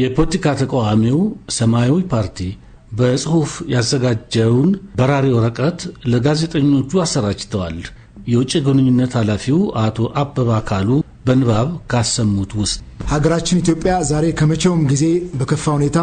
የፖለቲካ ተቃዋሚው ሰማያዊ ፓርቲ በጽሑፍ ያዘጋጀውን በራሪ ወረቀት ለጋዜጠኞቹ አሰራጭተዋል። የውጭ ግንኙነት ኃላፊው አቶ አበባ አካሉ በንባብ ካሰሙት ውስጥ ሀገራችን ኢትዮጵያ ዛሬ ከመቼውም ጊዜ በከፋ ሁኔታ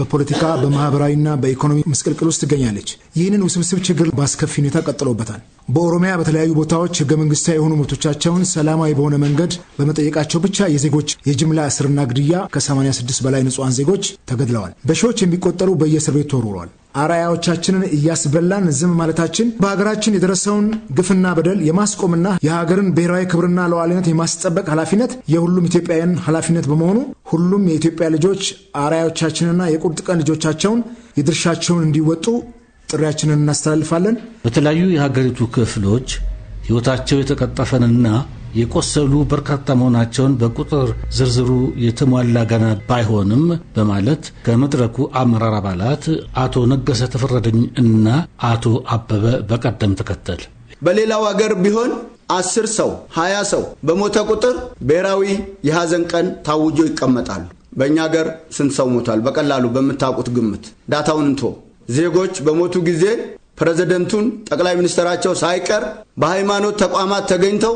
በፖለቲካ በማህበራዊና በኢኮኖሚ ምስቅልቅል ውስጥ ትገኛለች። ይህንን ውስብስብ ችግር በአስከፊ ሁኔታ ቀጥሎበታል። በኦሮሚያ በተለያዩ ቦታዎች ህገ መንግስታዊ የሆኑ መብቶቻቸውን ሰላማዊ በሆነ መንገድ በመጠየቃቸው ብቻ የዜጎች የጅምላ እስርና ግድያ ከ86 በላይ ንጹሐን ዜጎች ተገድለዋል። በሺዎች የሚቆጠሩ በየእስር ቤት ተወርውረዋል። አርአያዎቻችንን እያስበላን ዝም ማለታችን በሀገራችን የደረሰውን ግፍና በደል የማስቆምና የሀገርን ብሔራዊ ክብርና ሉዓላዊነት የማስጠበቅ ኃላፊነት የሁሉም ኢትዮጵያውያን ኃላፊነት በመሆኑ ሁሉም የኢትዮጵያ ልጆች አርአያዎቻችንና የቁርጥ ቀን ልጆቻቸውን የድርሻቸውን እንዲወጡ ጥሪያችንን እናስተላልፋለን። በተለያዩ የሀገሪቱ ክፍሎች ሕይወታቸው የተቀጠፈንና የቆሰሉ በርካታ መሆናቸውን በቁጥር ዝርዝሩ የተሟላ ገና ባይሆንም በማለት ከመድረኩ አመራር አባላት አቶ ነገሰ ተፈረደኝ እና አቶ አበበ በቀደም ተከተል በሌላው አገር ቢሆን አስር ሰው ሀያ ሰው በሞተ ቁጥር ብሔራዊ የሐዘን ቀን ታውጆ ይቀመጣሉ። በእኛ ሀገር ስንት ሰው ሞቷል? በቀላሉ በምታውቁት ግምት ዳታውን እንቶ ዜጎች በሞቱ ጊዜ ፕሬዝደንቱን፣ ጠቅላይ ሚኒስትራቸው ሳይቀር በሃይማኖት ተቋማት ተገኝተው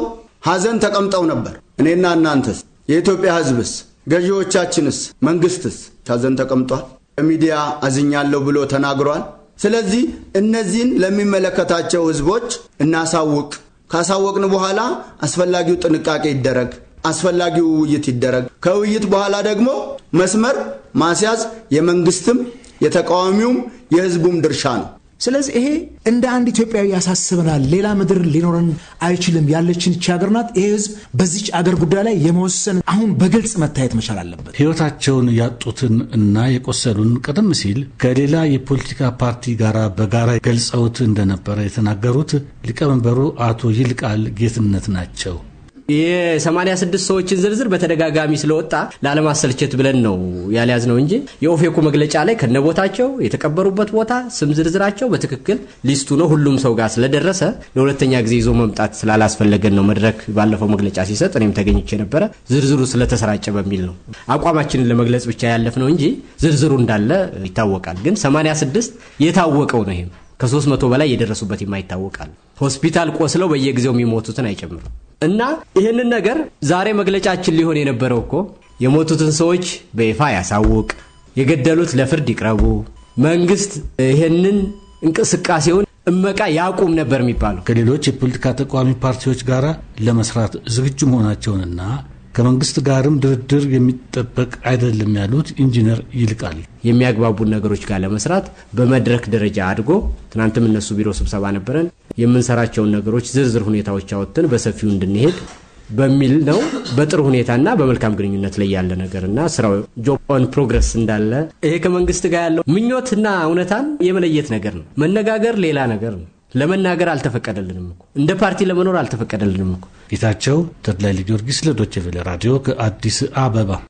ሐዘን ተቀምጠው ነበር። እኔና እናንተስ? የኢትዮጵያ ሕዝብስ? ገዢዎቻችንስ? መንግስትስ ሐዘን ተቀምጧል? በሚዲያ አዝኛለሁ ብሎ ተናግሯል። ስለዚህ እነዚህን ለሚመለከታቸው ሕዝቦች እናሳውቅ። ካሳወቅን በኋላ አስፈላጊው ጥንቃቄ ይደረግ። አስፈላጊው ውይይት ይደረግ። ከውይይት በኋላ ደግሞ መስመር ማስያዝ የመንግስትም የተቃዋሚውም የህዝቡም ድርሻ ነው። ስለዚህ ይሄ እንደ አንድ ኢትዮጵያዊ ያሳስበናል። ሌላ ምድር ሊኖረን አይችልም። ያለችን ይቺ ሀገር ናት። ይሄ ህዝብ በዚች አገር ጉዳይ ላይ የመወሰን አሁን በግልጽ መታየት መቻል አለበት። ህይወታቸውን ያጡትን እና የቆሰሉን ቀደም ሲል ከሌላ የፖለቲካ ፓርቲ ጋር በጋራ ገልጸውት እንደነበረ የተናገሩት ሊቀመንበሩ አቶ ይልቃል ጌትነት ናቸው። የ86 ሰዎችን ዝርዝር በተደጋጋሚ ስለወጣ ላለማሰልቸት ብለን ነው ያልያዝ ነው እንጂ የኦፌኮ መግለጫ ላይ ከነቦታቸው የተቀበሩበት ቦታ ስም ዝርዝራቸው በትክክል ሊስቱ ነው ሁሉም ሰው ጋር ስለደረሰ ለሁለተኛ ጊዜ ይዞ መምጣት ስላላስፈለገን ነው። መድረክ ባለፈው መግለጫ ሲሰጥ እኔም ተገኝቼ ነበረ። ዝርዝሩ ስለተሰራጨ በሚል ነው አቋማችንን ለመግለጽ ብቻ ያለፍ ነው እንጂ ዝርዝሩ እንዳለ ይታወቃል። ግን 86 የታወቀው ነው። ይሄም ከ300 በላይ የደረሱበት የማይታወቃል። ሆስፒታል ቆስለው በየጊዜው የሚሞቱትን አይጨምርም። እና ይህንን ነገር ዛሬ መግለጫችን ሊሆን የነበረው እኮ የሞቱትን ሰዎች በይፋ ያሳውቅ፣ የገደሉት ለፍርድ ይቅረቡ፣ መንግስት ይህንን እንቅስቃሴውን እመቃ ያቁም ነበር የሚባለው። ከሌሎች የፖለቲካ ተቃዋሚ ፓርቲዎች ጋር ለመስራት ዝግጁ መሆናቸውንና ከመንግስት ጋርም ድርድር የሚጠበቅ አይደለም ያሉት ኢንጂነር ይልቃል የሚያግባቡን ነገሮች ጋር ለመስራት በመድረክ ደረጃ አድጎ ትናንትም እነሱ ቢሮ ስብሰባ ነበረን። የምንሰራቸውን ነገሮች ዝርዝር ሁኔታዎች አወጥተን በሰፊው እንድንሄድ በሚል ነው። በጥሩ ሁኔታና በመልካም ግንኙነት ላይ ያለ ነገርና ስራው ጆን ፕሮግረስ እንዳለ ይሄ ከመንግስት ጋር ያለው ምኞትና እውነታን የመለየት ነገር ነው። መነጋገር ሌላ ነገር ነው። ለመናገር አልተፈቀደልንም እኮ እንደ ፓርቲ ለመኖር አልተፈቀደልንም እኮ ጌታቸው ተድላይ ልጊዮርጊስ ለዶቼ ቬለ ራዲዮ ከአዲስ አበባ